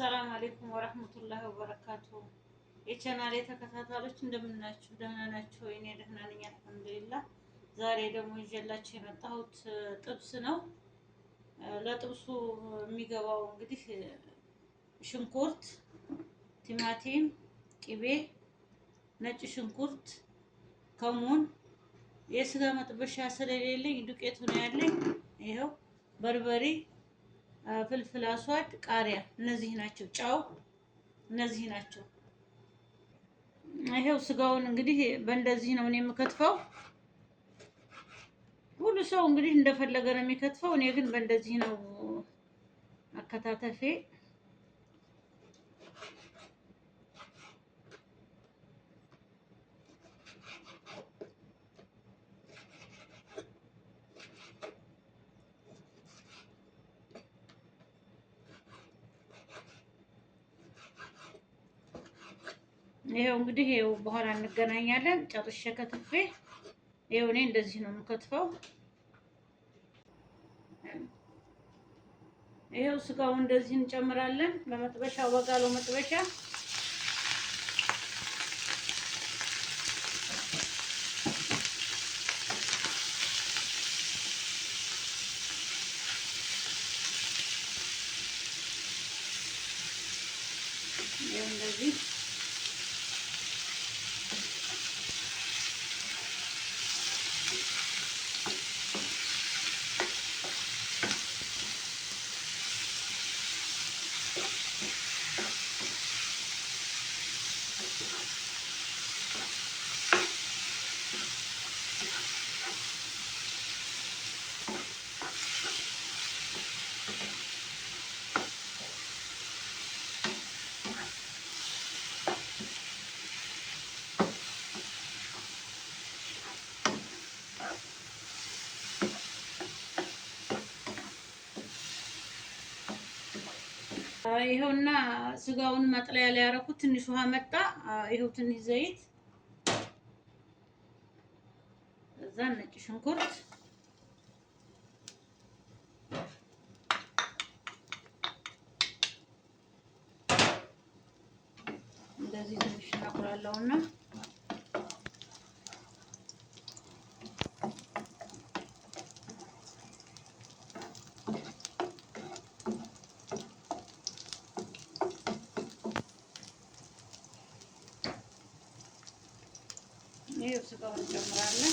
ሰላም አሌይኩም ወረህመቱላሂ ወበረካቱ። የቻናሌ ተከታታዮች እንደምናችሁ ደህና ናችሁ? እኔ ደህና ነኝ አልሐምዱሊላህ። ዛሬ ደግሞ ይዤላችሁ የመጣሁት ጥብስ ነው። ለጥብሱ የሚገባው እንግዲህ ሽንኩርት፣ ቲማቲም፣ ቂቤ፣ ነጭ ሽንኩርት፣ ከሙን። የስጋ መጥበሻ ስለሌለኝ ዱቄቱ ነው ያለኝ። ይኸው በርበሬ ፍልፍል አስዋድ፣ ቃሪያ እነዚህ ናቸው። ጨው እነዚህ ናቸው። ይሄው ስጋውን እንግዲህ በእንደዚህ ነው እኔ የምከትፈው። ሁሉ ሰው እንግዲህ እንደፈለገ ነው የሚከትፈው። እኔ ግን በእንደዚህ ነው አከታተፌ። ይሄው እንግዲህ ይሄው በኋላ እንገናኛለን። ጨርሼ ከትፌ ይሄው እኔ እንደዚህ ነው የምከትፈው። ይሄው ስጋው እንደዚህ እንጨምራለን በመጥበሻ ወጋሎ መጥበሻ እንደዚህ ይኸውና ስጋውን መጥለያ ላይ ያደረኩት ትንሽ ውሃ መጣ። ይኸው ትንሽ ዘይት፣ እዛ ነጭ ሽንኩርት፣ እንደዚህ ትንሽ እናቁላለውና ይሄው ስጋውን እንጨምራለን።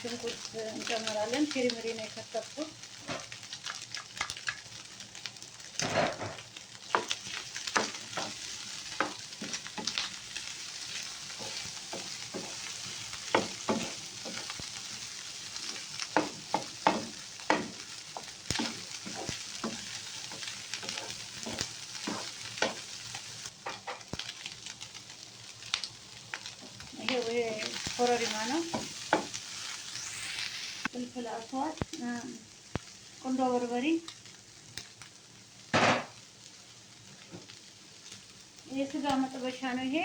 ሽንኩርት እንጨምራለን። ቲሪሚሪ ነው የከተፍኩት። ኮረሪማ ነው። ፍልፍል አስዋት፣ ቁንዶ በርበሬ፣ የስጋ መጥበሻ ነው ይሄ።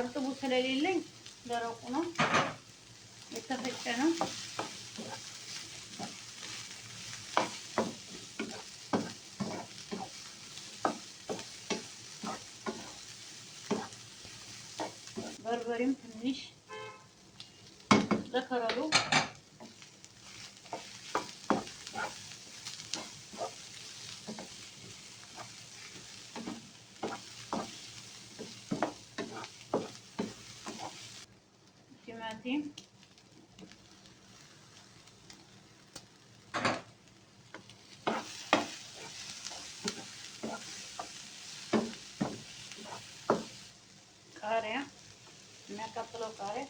እርጥቡ ስለሌለኝ ደረቁ ነው የተፈጨ ነው። በርበሬም ትንሽ ለከረሉ ቲማቲም ಕತ್ತಲು ಕಾರೆ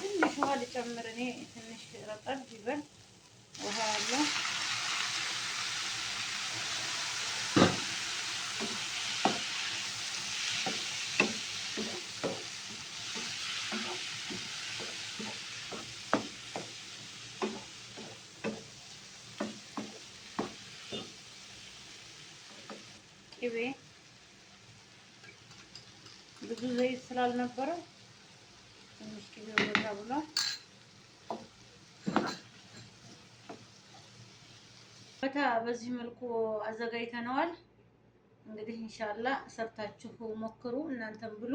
ትንሽ ውሃ ልጨምር እኔ ትንሽ ረጠብ ይበል ውሃ ያለው ቅቤ ብዙ ዘይት ስላልነበረው ትንሽ ቅቤ ወዛ ብሏል። በታ በዚህ መልኩ አዘጋጅተነዋል። እንግዲህ ኢንሻአላ ሰርታችሁ ሞክሩ፣ እናንተም ብሉ።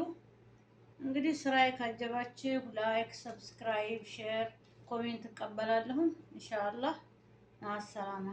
እንግዲህ ስራዬ ካጀባችሁ ላይክ፣ ሰብስክራይብ፣ ሼር፣ ኮሜንት እቀበላለሁ። ኢንሻአላ ማሰላማ